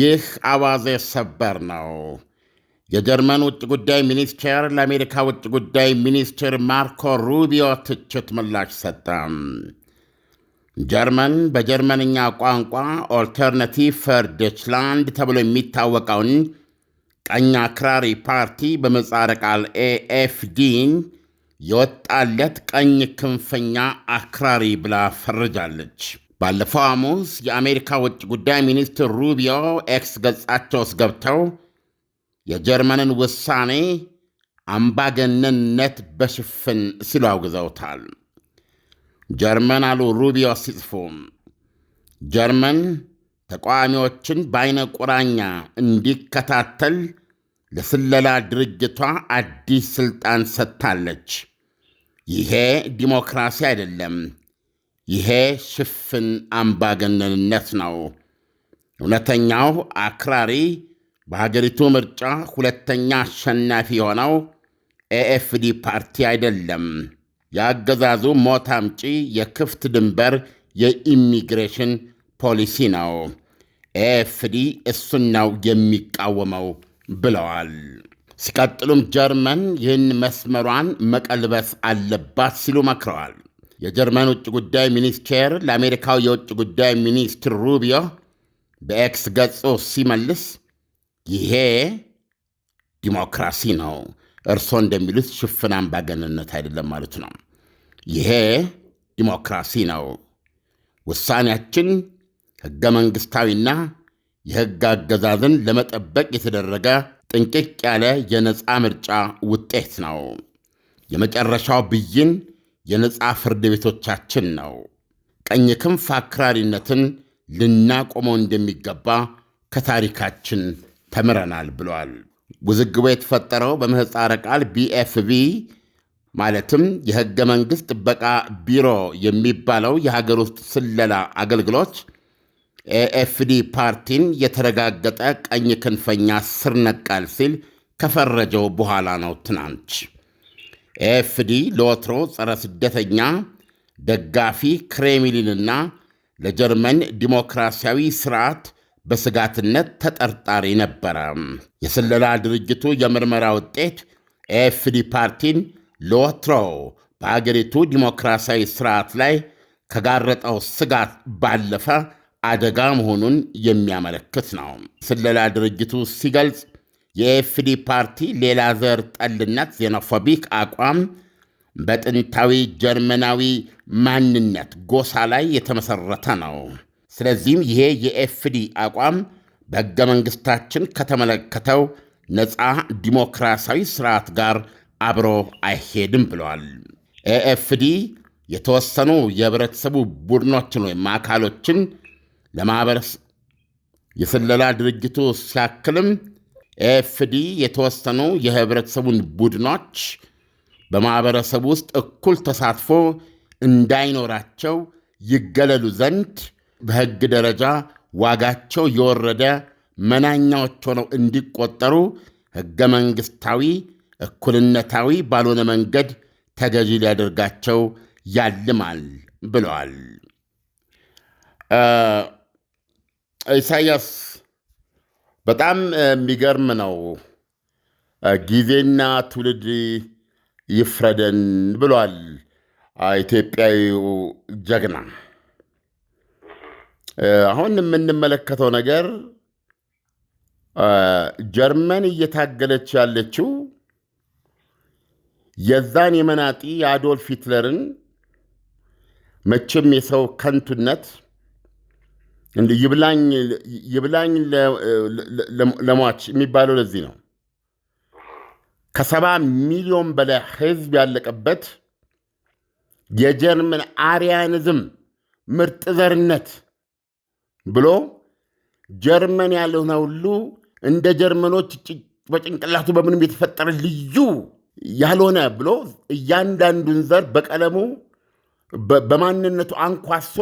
ይህ አዋዜ ሰበር ነው። የጀርመን ውጭ ጉዳይ ሚኒስቴር ለአሜሪካ ውጭ ጉዳይ ሚኒስትር ማርኮ ሩቢዮ ትችት ምላሽ ሰጠ። ጀርመን በጀርመንኛ ቋንቋ ኦልተርናቲቭ ፈር ተብሎ የሚታወቀውን ቀኝ አክራሪ ፓርቲ በምህጻረ ቃል ኤኤፍዲን የወጣለት ቀኝ ክንፈኛ አክራሪ ብላ ፈርጃለች። ባለፈው ሐሙስ የአሜሪካ ውጭ ጉዳይ ሚኒስትር ሩቢዮ ኤክስ ገጻቸው ውስጥ ገብተው የጀርመንን ውሳኔ አምባገነንነት በሽፍን ሲሉ አውግዘውታል። ጀርመን አሉ ሩቢዮ ሲጽፉ፣ ጀርመን ተቃዋሚዎችን በአይነ ቁራኛ እንዲከታተል ለስለላ ድርጅቷ አዲስ ሥልጣን ሰጥታለች። ይሄ ዲሞክራሲ አይደለም ይሄ ሽፍን አምባገነንነት ነው። እውነተኛው አክራሪ በሀገሪቱ ምርጫ ሁለተኛ አሸናፊ የሆነው ኤኤፍዲ ፓርቲ አይደለም። የአገዛዙ ሞት አምጪ የክፍት ድንበር የኢሚግሬሽን ፖሊሲ ነው። ኤኤፍዲ እሱን ነው የሚቃወመው ብለዋል። ሲቀጥሉም ጀርመን ይህን መስመሯን መቀልበስ አለባት ሲሉ መክረዋል። የጀርመን ውጭ ጉዳይ ሚኒስቴር ለአሜሪካው የውጭ ጉዳይ ሚኒስትር ሩቢዮ በኤክስ ገጹ ሲመልስ ይሄ ዲሞክራሲ ነው፣ እርሶ እንደሚሉት ሽፍን አምባገንነት አይደለም ማለት ነው። ይሄ ዲሞክራሲ ነው። ውሳኔያችን ሕገ መንግሥታዊና የሕግ አገዛዝን ለመጠበቅ የተደረገ ጥንቅቅ ያለ የነፃ ምርጫ ውጤት ነው። የመጨረሻው ብይን የነፃ ፍርድ ቤቶቻችን ነው። ቀኝ ክንፍ አክራሪነትን ልናቆመው እንደሚገባ ከታሪካችን ተምረናል ብሏል። ውዝግቡ የተፈጠረው በምህፃረ ቃል ቢኤፍቢ ማለትም የሕገ መንግሥት ጥበቃ ቢሮ የሚባለው የሀገር ውስጥ ስለላ አገልግሎት ኤኤፍዲ ፓርቲን የተረጋገጠ ቀኝ ክንፈኛ ስር ነቃል ሲል ከፈረጀው በኋላ ነው ትናንች። ኤኤፍዲ ለወትሮ ጸረ ስደተኛ ደጋፊ ክሬምሊንና ለጀርመን ዲሞክራሲያዊ ስርዓት በስጋትነት ተጠርጣሪ ነበረ። የስለላ ድርጅቱ የምርመራ ውጤት ኤኤፍዲ ፓርቲን ለወትሮ በአገሪቱ ዲሞክራሲያዊ ስርዓት ላይ ከጋረጠው ስጋት ባለፈ አደጋ መሆኑን የሚያመለክት ነው። ስለላ ድርጅቱ ሲገልጽ የኤፍዲ ፓርቲ ሌላ ዘር ጠልነት ዜኖፎቢክ አቋም በጥንታዊ ጀርመናዊ ማንነት ጎሳ ላይ የተመሠረተ ነው። ስለዚህም ይሄ የኤፍዲ አቋም በሕገ መንግሥታችን ከተመለከተው ነፃ ዲሞክራሲያዊ ስርዓት ጋር አብሮ አይሄድም ብለዋል። ኤኤፍዲ የተወሰኑ የህብረተሰቡ ቡድኖችን ወይም አካሎችን ለማህበረሰብ የስለላ ድርጅቱ ሲያክልም ኤፍዲ የተወሰኑ የህብረተሰቡን ቡድኖች በማኅበረሰብ ውስጥ እኩል ተሳትፎ እንዳይኖራቸው ይገለሉ ዘንድ በሕግ ደረጃ ዋጋቸው የወረደ መናኛዎች ሆነው እንዲቆጠሩ ሕገ መንግሥታዊ እኩልነታዊ ባልሆነ መንገድ ተገዢ ሊያደርጋቸው ያልማል ብለዋል ኢሳያስ በጣም የሚገርም ነው። ጊዜና ትውልድ ይፍረደን ብሏል ኢትዮጵያዊው ጀግና። አሁን የምንመለከተው ነገር ጀርመን እየታገለች ያለችው የዛን የመናጢ የአዶልፍ ሂትለርን መቼም የሰው ከንቱነት እንደ ይብላኝ ይብላኝ ለሟች የሚባለው ለዚህ ነው። ከሰባ ሚሊዮን በላይ ህዝብ ያለቀበት የጀርመን አሪያንዝም ምርጥ ዘርነት ብሎ ጀርመን ያልሆነ ሁሉ እንደ ጀርመኖች በጭንቅላቱ በምንም የተፈጠረ ልዩ ያልሆነ ብሎ እያንዳንዱን ዘር በቀለሙ በማንነቱ አንኳሶ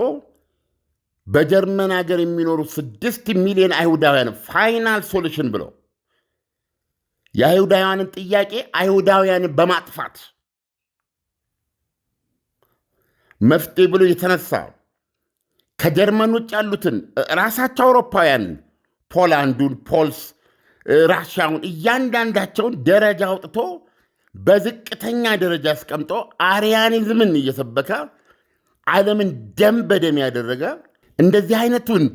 በጀርመን ሀገር የሚኖሩ ስድስት ሚሊዮን አይሁዳውያን ፋይናል ሶሉሽን ብለው የአይሁዳውያንን ጥያቄ አይሁዳውያንን በማጥፋት መፍትሄ ብሎ የተነሳ ከጀርመን ውጭ ያሉትን ራሳቸው አውሮፓውያን ፖላንዱን፣ ፖልስ፣ ራሽያውን እያንዳንዳቸውን ደረጃ አውጥቶ በዝቅተኛ ደረጃ አስቀምጦ አሪያኒዝምን እየሰበከ ዓለምን ደም በደም ያደረገ እንደዚህ አይነት ወንድ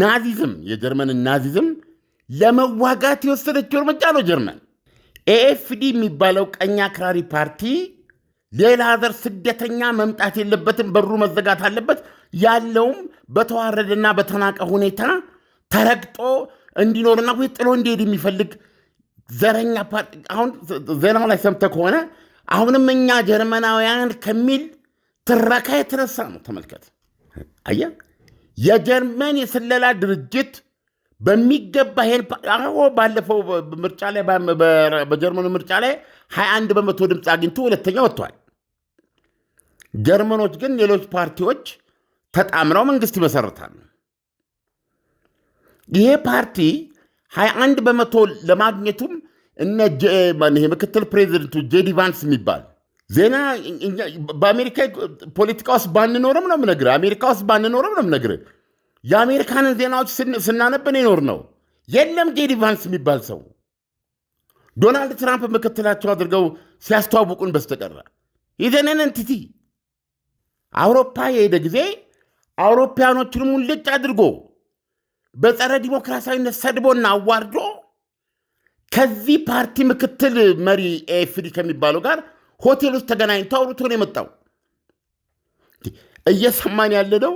ናዚዝም የጀርመንን ናዚዝም ለመዋጋት የወሰደችው እርምጃ ነው። ጀርመን ኤኤፍዲ የሚባለው ቀኝ አክራሪ ፓርቲ ሌላ ሀገር ስደተኛ መምጣት የለበትም፣ በሩ መዘጋት አለበት ያለውም በተዋረደና በተናቀ ሁኔታ ተረግጦ እንዲኖርና ወይ ጥሎ እንዲሄድ የሚፈልግ ዘረኛ ፓርቲ አሁን ዜናው ላይ ሰምተህ ከሆነ አሁንም እኛ ጀርመናውያን ከሚል ትረካ የተነሳ ነው። ተመልከት። አየ የጀርመን የስለላ ድርጅት በሚገባ ይሄን ባለፈው ምርጫ ላይ በጀርመኑ ምርጫ ላይ 21 በመቶ ድምፅ አግኝቶ ሁለተኛ ወጥቷል። ጀርመኖች ግን ሌሎች ፓርቲዎች ተጣምረው መንግስት ይመሰርታሉ። ይሄ ፓርቲ 21 በመቶ ለማግኘቱም እነ ምክትል ፕሬዚደንቱ ጄዲ ቫንስ የሚባል ዜና በአሜሪካ ፖለቲካ ውስጥ ባንኖርም ነው የምነግርህ። አሜሪካ ውስጥ ባንኖርም ነው ምነግር የአሜሪካንን ዜናዎች ስናነብን ይኖር ነው። የለም ጄዲ ቫንስ የሚባል ሰው ዶናልድ ትራምፕ ምክትላቸው አድርገው ሲያስተዋውቁን በስተቀረ ይዘነን እንትቲ አውሮፓ የሄደ ጊዜ አውሮፓያኖችን ሙልጭ አድርጎ በጸረ ዲሞክራሲያዊነት ሰድቦና አዋርዶ ከዚህ ፓርቲ ምክትል መሪ ኤፍዲ ከሚባለው ጋር ሆቴል ውስጥ ተገናኝቶ አውርቶ ነው የመጣው። እየሰማን ነው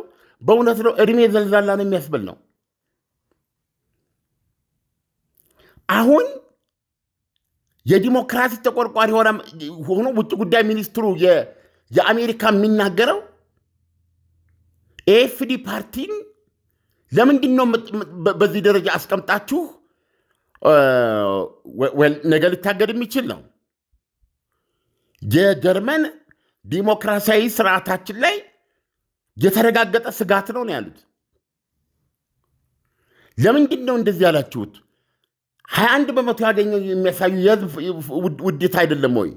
በእውነት ነው እድሜ ዘልዛላን የሚያስብል ነው። አሁን የዲሞክራሲ ተቆርቋሪ ሆኖ ውጭ ጉዳይ ሚኒስትሩ የአሜሪካ የሚናገረው ኤፍዲ ፓርቲን ለምንድን ነው በዚህ ደረጃ አስቀምጣችሁ? ነገ ሊታገድ የሚችል ነው። የጀርመን ዲሞክራሲያዊ ስርዓታችን ላይ የተረጋገጠ ስጋት ነው ነው ያሉት። ለምንድን ነው እንደዚህ ያላችሁት? ሀያ አንድ በመቶ ያገኘው የሚያሳዩ የህዝብ ውዴታ አይደለም ወይ?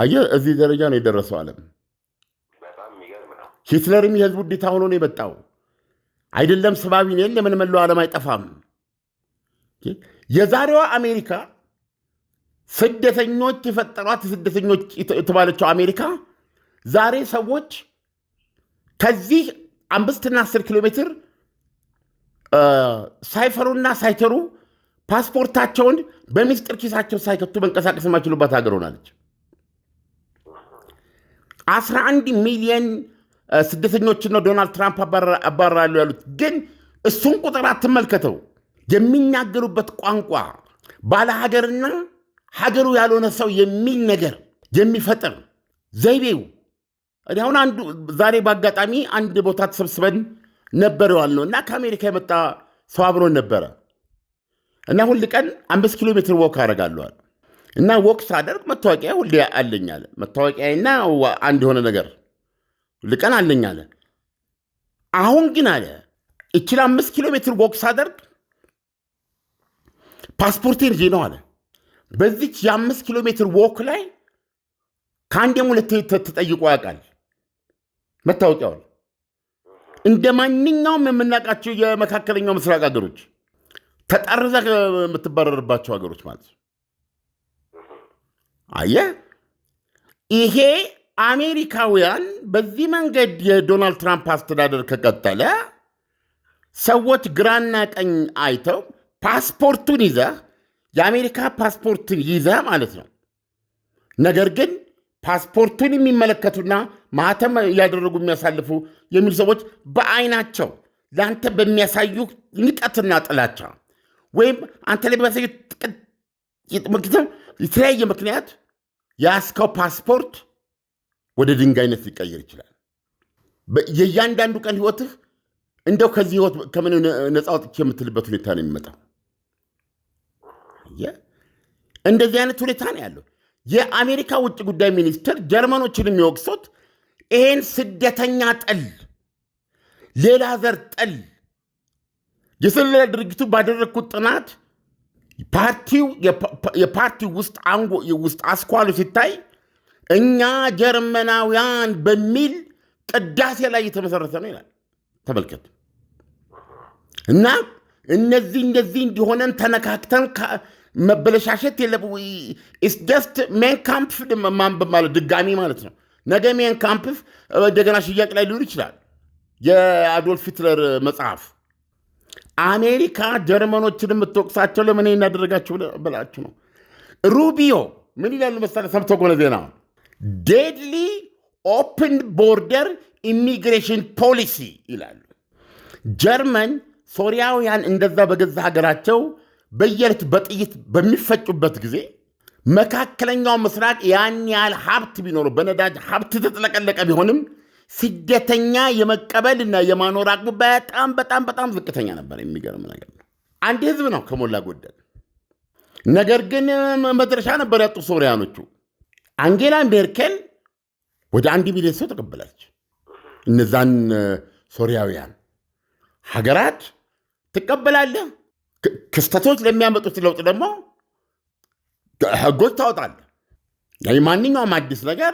አየ እዚህ ደረጃ ነው የደረሰው ዓለም። ሂትለርም የህዝብ ውዴታ ሆኖ ነው የመጣው። አይደለም ስባቢን የለምን መለው ዓለም አይጠፋም። የዛሬዋ አሜሪካ ስደተኞች የፈጠሯት ስደተኞች የተባለችው አሜሪካ ዛሬ ሰዎች ከዚህ አምስትና አስር ኪሎ ሜትር ሳይፈሩና ሳይተሩ ፓስፖርታቸውን በሚስጥር ኪሳቸው ሳይከቱ መንቀሳቀስ የማይችሉባት ሀገር ሆናለች። አስራ አንድ ሚሊየን ስደተኞችን ነው ዶናልድ ትራምፕ አባራሉ ያሉት። ግን እሱን ቁጥር አትመልከተው። የሚናገሩበት ቋንቋ ባለ ሀገርና ሀገሩ ያልሆነ ሰው የሚል ነገር የሚፈጥር ዘይቤው እኔ አሁን አንዱ ዛሬ በአጋጣሚ አንድ ቦታ ተሰብስበን ነበር ዋል እና ከአሜሪካ የመጣ ሰው አብሮን ነበረ እና ሁል ቀን አምስት ኪሎ ሜትር ወክ አደርጋለዋል እና ወክ ሳደርግ መታወቂያ ሁ አለኛለ መታወቂያና አንድ የሆነ ነገር ሁል ቀን አለኛለ አሁን ግን አለ እችል አምስት ኪሎ ሜትር ወክ ሳደርግ ፓስፖርቴን ይዤ ነው አለ በዚች የአምስት ኪሎ ሜትር ወክ ላይ ከአንዴም ሁለት ተጠይቆ ያውቃል። መታወቂያውን እንደ ማንኛውም የምናውቃቸው የመካከለኛው ምስራቅ ሀገሮች ተጠርዛ የምትባረርባቸው ሀገሮች ማለት ነው። አየህ፣ ይሄ አሜሪካውያን በዚህ መንገድ የዶናልድ ትራምፕ አስተዳደር ከቀጠለ ሰዎች ግራና ቀኝ አይተው ፓስፖርቱን ይዘህ የአሜሪካ ፓስፖርትን ይዘ ማለት ነው። ነገር ግን ፓስፖርቱን የሚመለከቱና ማህተም እያደረጉ የሚያሳልፉ የሚሉ ሰዎች በአይናቸው ለአንተ በሚያሳዩ ንቀትና ጥላቻ ወይም አንተ ላይ በሚያሳዩ የተለያየ ምክንያት የያዝከው ፓስፖርት ወደ ድንጋይነት ሊቀየር ይችላል። የእያንዳንዱ ቀን ህይወትህ እንደው ከዚህ ህይወት ከምን ነፃ ወጥቼ የምትልበት ሁኔታ ነው የሚመጣው። ሰውየ እንደዚህ አይነት ሁኔታ ነው ያለው። የአሜሪካ ውጭ ጉዳይ ሚኒስትር ጀርመኖችን የሚወቅሱት ይሄን ስደተኛ ጠል፣ ሌላ ዘር ጠል የስለላ ድርጅቱ ባደረግኩት ጥናት ፓርቲው የፓርቲ ውስጥ አንጎ ውስጥ አስኳሉ ሲታይ እኛ ጀርመናውያን በሚል ቅዳሴ ላይ የተመሰረተ ነው ይላል። ተመልከት እና እነዚህ እንደዚህ እንዲሆነን ተነካክተን መበለሻሸት የለም። ኢስ ጀስት ሜን ካምፕፍ ማንበብ ማለት ድጋሚ ማለት ነው። ነገ ሜን ካምፕፍ እንደገና ሽያጭ ላይ ሊሆን ይችላል። የአዶልፍ ሂትለር መጽሐፍ አሜሪካ ጀርመኖችን የምትወቅሳቸው ለምን እናደረጋቸው ብላችሁ ነው። ሩቢዮ ምን ይላሉ መሰለህ? ሰምቶ ከሆነ ዜና ዴድሊ ኦፕን ቦርደር ኢሚግሬሽን ፖሊሲ ይላሉ። ጀርመን ሶሪያውያን እንደዛ በገዛ ሀገራቸው በየለት በጥይት በሚፈጩበት ጊዜ መካከለኛው ምስራቅ ያን ያህል ሀብት ቢኖረው በነዳጅ ሀብት የተጥለቀለቀ ቢሆንም ስደተኛ የመቀበል እና የማኖር አቅሙ በጣም በጣም በጣም ዝቅተኛ ነበር። የሚገርም ነገር ነው። አንድ ህዝብ ነው ከሞላ ጎደል። ነገር ግን መድረሻ ነበር ያጡ ሶሪያኖቹ። አንጌላ ሜርኬል ወደ አንድ ሚሊዮን ሰው ተቀበላች። እነዛን ሶሪያውያን ሀገራት ትቀበላለህ ክስተቶች ለሚያመጡት ለውጥ ደግሞ ህጎች ታወጣለ። ማንኛውም አዲስ ነገር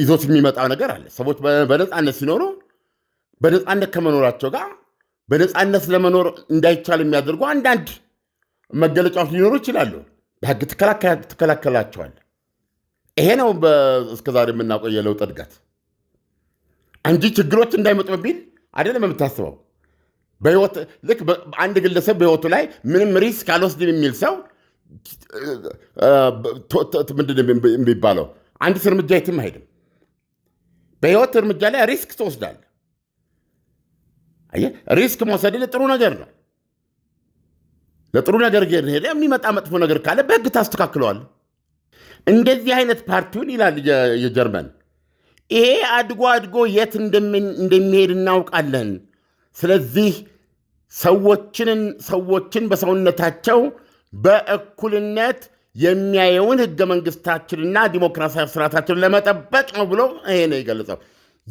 ይዞት የሚመጣው ነገር አለ። ሰዎች በነፃነት ሲኖሩ በነፃነት ከመኖራቸው ጋር በነፃነት ለመኖር እንዳይቻል የሚያደርጉ አንዳንድ መገለጫዎች ሊኖሩ ይችላሉ። በህግ ትከላከላቸዋል። ይሄ ነው እስከዛሬ የምናውቀው የለውጥ እድጋት እንጂ ችግሮች እንዳይመጡ ቢል አይደለም የምታስበው። በህይወት ልክ አንድ ግለሰብ በህይወቱ ላይ ምንም ሪስክ አልወስድም የሚል ሰው ምንድን የሚባለው አንዲት እርምጃ የትም አይሄድም። በህይወት እርምጃ ላይ ሪስክ ትወስዳል ሪስክ መውሰድ ለጥሩ ነገር ነው። ለጥሩ ነገር ሄደ የሚመጣ መጥፎ ነገር ካለ በህግ ታስተካክለዋል። እንደዚህ አይነት ፓርቲውን ይላል የጀርመን ይሄ አድጎ አድጎ የት እንደሚሄድ እናውቃለን። ስለዚህ ሰዎችን ሰዎችን በሰውነታቸው በእኩልነት የሚያየውን ህገ መንግስታችንና ዲሞክራሲያዊ ስርዓታችን ለመጠበቅ ነው ብሎ ይሄ ነው የገለጸው።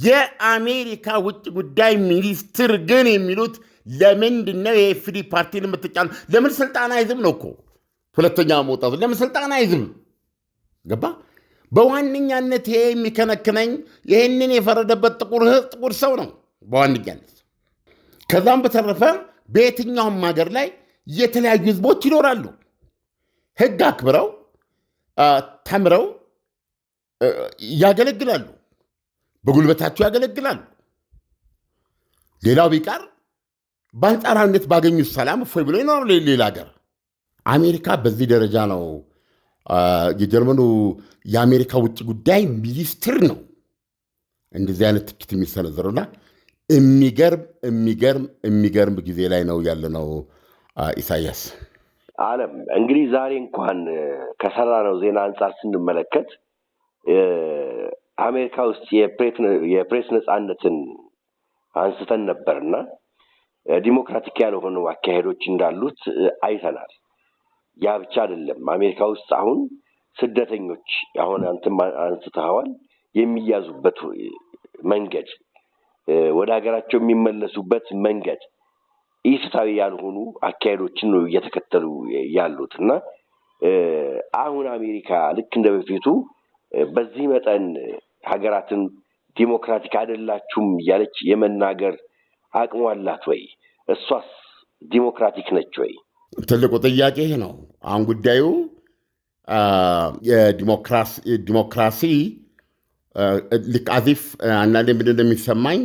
የአሜሪካ ውጭ ጉዳይ ሚኒስትር ግን የሚሉት ለምንድን ነው የኤፍዲ ፓርቲን የምትጫሉ? ለምን ስልጣን አይዝም ነው እኮ ሁለተኛ መውጣቱ። ለምን ስልጣን አይዝም ገባ? በዋነኛነት ይሄ የሚከነክነኝ ይህንን የፈረደበት ጥቁር ሰው ነው በዋነኛነት። ከዛም በተረፈ በየትኛውም ሀገር ላይ የተለያዩ ህዝቦች ይኖራሉ። ህግ አክብረው ተምረው ያገለግላሉ፣ በጉልበታቸው ያገለግላሉ። ሌላው ቢቀር በአንጻራዊነት ባገኙት ሰላም እፎይ ብሎ ይኖራሉ። ሌላ ሀገር አሜሪካ በዚህ ደረጃ ነው። የጀርመኑ የአሜሪካ ውጭ ጉዳይ ሚኒስትር ነው እንደዚህ አይነት ትችት የሚሰነዘሩና የሚገርም የሚገርም የሚገርም ጊዜ ላይ ነው ያለነው። ኢሳያስ አለም እንግዲህ ዛሬ እንኳን ከሰራ ነው ዜና አንጻር ስንመለከት አሜሪካ ውስጥ የፕሬስ ነፃነትን አንስተን ነበርና ዲሞክራቲክ ያልሆኑ አካሄዶች እንዳሉት አይተናል። ያ ብቻ አይደለም። አሜሪካ ውስጥ አሁን ስደተኞች አሁን አንተም አንስተኸዋል የሚያዙበት መንገድ ወደ ሀገራቸው የሚመለሱበት መንገድ ኢፍትሐዊ ያልሆኑ አካሄዶችን ነው እየተከተሉ ያሉት እና አሁን አሜሪካ ልክ እንደ በፊቱ በዚህ መጠን ሀገራትን ዲሞክራቲክ አይደላችሁም እያለች የመናገር አቅሙ አላት ወይ? እሷስ ዲሞክራቲክ ነች ወይ? ትልቁ ጥያቄ ይህ ነው። አሁን ጉዳዩ የዲሞክራሲ አዚፍ አንዳንዴ ምድ የሚሰማኝ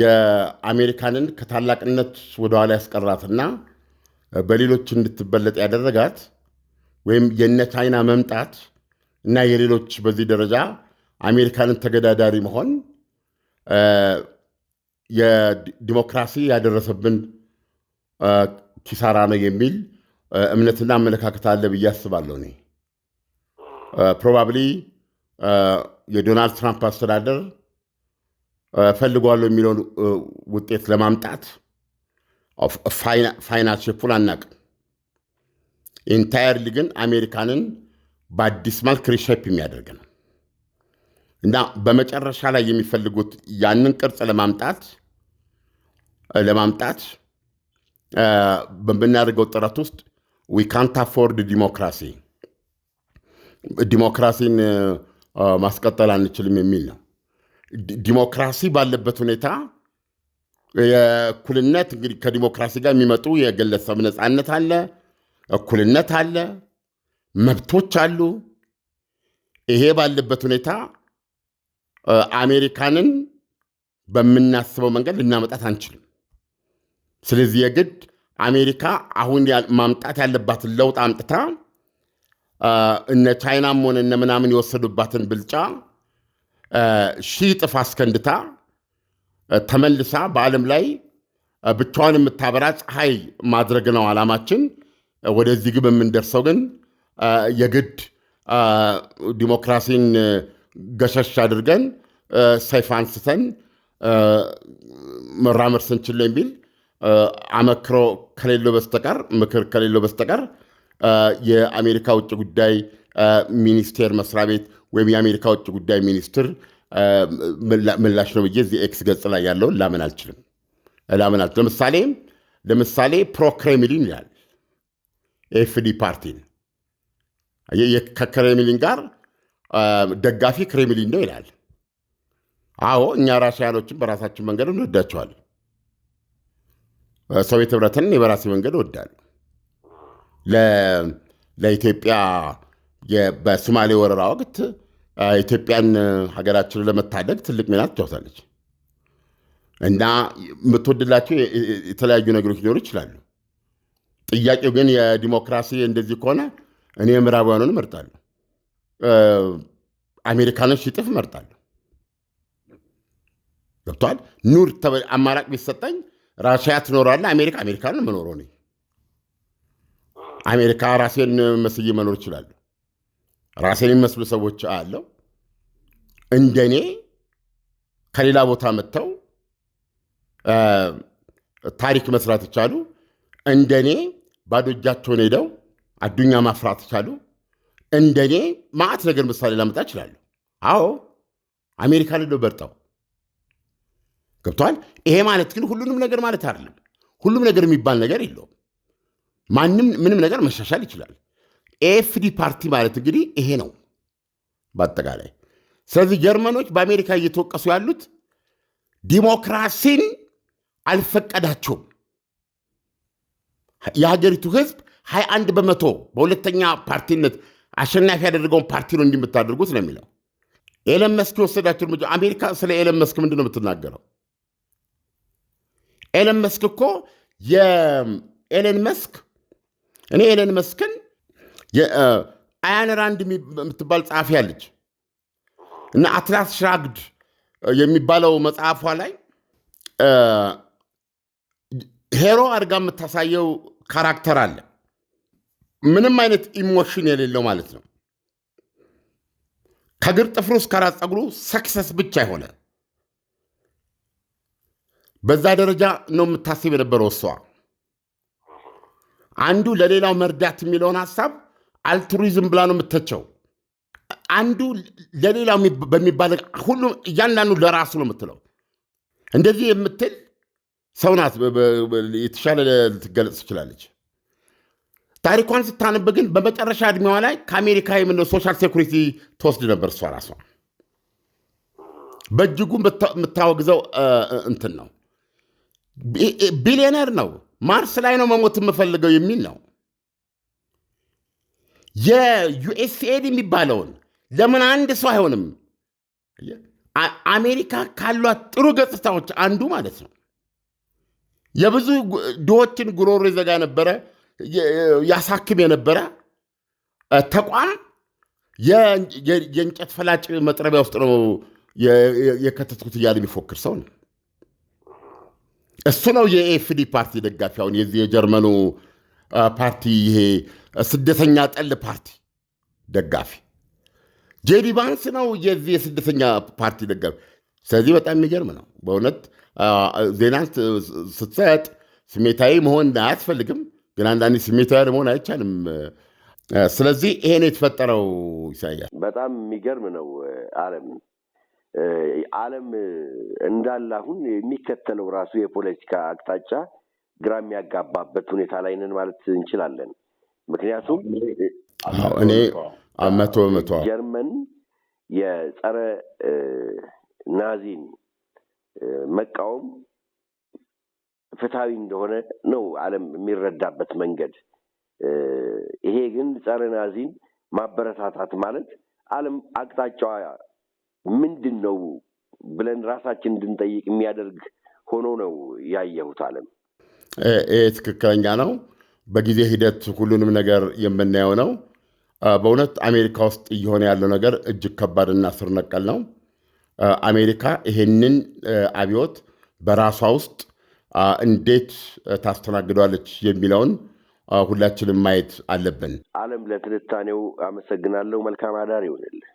የአሜሪካንን ከታላቅነት ወደኋላ ያስቀራትና በሌሎች እንድትበለጥ ያደረጋት ወይም የነ ቻይና መምጣት እና የሌሎች በዚህ ደረጃ አሜሪካንን ተገዳዳሪ መሆን የዲሞክራሲ ያደረሰብን ኪሳራ ነው የሚል እምነትና አመለካከት አለ ብዬ አስባለሁ። እኔ ፕሮባብሊ የዶናልድ ትራምፕ አስተዳደር ፈልጓለሁ የሚለውን ውጤት ለማምጣት ፋይናንስ ሼፑን አናቅም። ኢንታየርሊ ግን አሜሪካንን በአዲስ መልክ ሪሸፕ የሚያደርግ ነው እና በመጨረሻ ላይ የሚፈልጉት ያንን ቅርጽ ለማምጣት ለማምጣት በምናደርገው ጥረት ውስጥ ዊ ካንት አፎርድ ዲሞክራሲ ዲሞክራሲን ማስቀጠል አንችልም የሚል ነው። ዲሞክራሲ ባለበት ሁኔታ የእኩልነት እንግዲህ ከዲሞክራሲ ጋር የሚመጡ የግለሰብ ነፃነት አለ፣ እኩልነት አለ፣ መብቶች አሉ። ይሄ ባለበት ሁኔታ አሜሪካንን በምናስበው መንገድ ልናመጣት አንችልም። ስለዚህ የግድ አሜሪካ አሁን ማምጣት ያለባትን ለውጥ አምጥታ እነ ቻይናም ሆነ እነ ምናምን የወሰዱባትን ብልጫ ሺህ ጥፍ አስከንድታ ተመልሳ በዓለም ላይ ብቻዋን የምታበራ ፀሐይ ማድረግ ነው ዓላማችን። ወደዚህ ግብ የምንደርሰው ግን የግድ ዲሞክራሲን ገሸሽ አድርገን ሰይፍ አንስተን መራመድ ስንችል የሚል አመክሮ ከሌለው በስተቀር ምክር ከሌለው በስተቀር የአሜሪካ ውጭ ጉዳይ ሚኒስቴር መስሪያ ቤት ወይም የአሜሪካ ውጭ ጉዳይ ሚኒስትር ምላሽ ነው ብዬ እዚህ ኤክስ ገጽ ላይ ያለውን ላምን አልችልም። ላምን አልችልም። ለምሳሌ ለምሳሌ ፕሮክሬምሊን ይላል ኤፍዲ ፓርቲን ከክሬምሊን ጋር ደጋፊ ክሬምሊን ነው ይላል። አዎ እኛ ራሽያኖችን በራሳችን መንገድ እንወዳቸዋለን። ሶቪየት ህብረትን የበራሴ መንገድ እወዳለሁ። ለኢትዮጵያ በሶማሌ ወረራ ወቅት ኢትዮጵያን ሀገራችንን ለመታደግ ትልቅ ሚና ትጫወታለች እና የምትወድላቸው የተለያዩ ነገሮች ሊኖሩ ይችላሉ። ጥያቄው ግን የዲሞክራሲ እንደዚህ ከሆነ እኔ ምዕራባውያኑን እመርጣለሁ፣ አሜሪካኖች ሲጥፍ እመርጣለሁ። ገብቷል? ኑር አማራጭ ቢሰጠኝ ራሽያ ትኖራለ አሜሪካ አሜሪካን ምኖረው ነኝ አሜሪካ ራሴን መስዬ መኖር ይችላሉ። ራሴን የሚመስሉ ሰዎች አያለው። እንደኔ ከሌላ ቦታ መጥተው ታሪክ መስራት ይቻሉ። እንደኔ ባዶ እጃቸውን ሄደው አዱኛ ማፍራት ይቻሉ። እንደኔ ማአት ነገር ምሳሌ ላመጣ ይችላሉ። አዎ አሜሪካ ልለው በርጠው ገብተዋል። ይሄ ማለት ግን ሁሉንም ነገር ማለት አይደለም። ሁሉም ነገር የሚባል ነገር የለውም። ማንም ምንም ነገር መሻሻል ይችላል። ኤፍዲ ፓርቲ ማለት እንግዲህ ይሄ ነው በአጠቃላይ። ስለዚህ ጀርመኖች በአሜሪካ እየተወቀሱ ያሉት ዲሞክራሲን አልፈቀዳቸውም። የሀገሪቱ ሕዝብ 21 በመቶ በሁለተኛ ፓርቲነት አሸናፊ ያደረገውን ፓርቲ ነው እንዲህ ነው የሚለው። ኤለን መስክ የወሰዳቸው እርምጃ አሜሪካ ስለ ኤለን መስክ ምንድን ነው የምትናገረው? ኤለን መስክ እኮ የኤለን መስክ እኔ ኤለን መስክን አያን ራንድ የምትባል ጸሐፊ አለች እና አትላስ ሽራግድ የሚባለው መጽሐፏ ላይ ሄሮ አድርጋ የምታሳየው ካራክተር አለ። ምንም አይነት ኢሞሽን የሌለው ማለት ነው። ከግር ጥፍሩ እስከ ራስ ፀጉሩ ሰክሰስ ብቻ የሆነ በዛ ደረጃ ነው የምታስብ የነበረው እሷ። አንዱ ለሌላው መርዳት የሚለውን ሀሳብ አልቱሪዝም ብላ ነው የምተቸው። አንዱ ለሌላው በሚባል ሁሉም እያንዳንዱ ለራሱ ነው የምትለው። እንደዚህ የምትል ሰው ናት፣ የተሻለ ልትገለጽ ትችላለች። ታሪኳን ስታነብ ግን በመጨረሻ እድሜዋ ላይ ከአሜሪካ የምንለው ሶሻል ሴኩሪቲ ትወስድ ነበር እሷ ራሷ። በእጅጉ የምታወግዘው እንትን ነው። ቢሊዮነር ነው ማርስ ላይ ነው መሞት የምፈልገው የሚል ነው። የዩኤስኤድ የሚባለውን ለምን አንድ ሰው አይሆንም? አሜሪካ ካሏት ጥሩ ገጽታዎች አንዱ ማለት ነው የብዙ ድሆችን ጉሮሮ ይዘጋ ነበረ ያሳክም የነበረ ተቋም የእንጨት ፈላጭ መጥረቢያ ውስጥ ነው የከተትኩት እያለ የሚፎክር ሰው ነው። እሱ ነው የኤፍዲ ፓርቲ ደጋፊ አሁን የዚህ የጀርመኑ ፓርቲ ይሄ ስደተኛ ጠል ፓርቲ ደጋፊ ጄዲ ቫንስ ነው የዚህ የስደተኛ ፓርቲ ደጋፊ። ስለዚህ በጣም የሚገርም ነው በእውነት ዜና ስትሰጥ ስሜታዊ መሆን አያስፈልግም፣ ግን አንዳንድ ስሜታዊ መሆን አይቻልም። ስለዚህ ይሄን የተፈጠረው ይሳያል። በጣም የሚገርም ነው አለም ዓለም እንዳለ አሁን የሚከተለው ራሱ የፖለቲካ አቅጣጫ ግራ የሚያጋባበት ሁኔታ ላይ ነን ማለት እንችላለን። ምክንያቱም እኔ መቶ መቶ ጀርመን የጸረ ናዚን መቃወም ፍትሐዊ እንደሆነ ነው ዓለም የሚረዳበት መንገድ። ይሄ ግን ጸረ ናዚን ማበረታታት ማለት ዓለም አቅጣጫዋ ምንድን ነው ብለን ራሳችን እንድንጠይቅ የሚያደርግ ሆኖ ነው ያየሁት። አለም ይህ ትክክለኛ ነው። በጊዜ ሂደት ሁሉንም ነገር የምናየው ነው። በእውነት አሜሪካ ውስጥ እየሆነ ያለው ነገር እጅግ ከባድና ስር ነቀል ነው። አሜሪካ ይሄንን አብዮት በራሷ ውስጥ እንዴት ታስተናግደዋለች የሚለውን ሁላችንም ማየት አለብን። አለም ለትንታኔው አመሰግናለሁ። መልካም አዳር ይሆንልህ።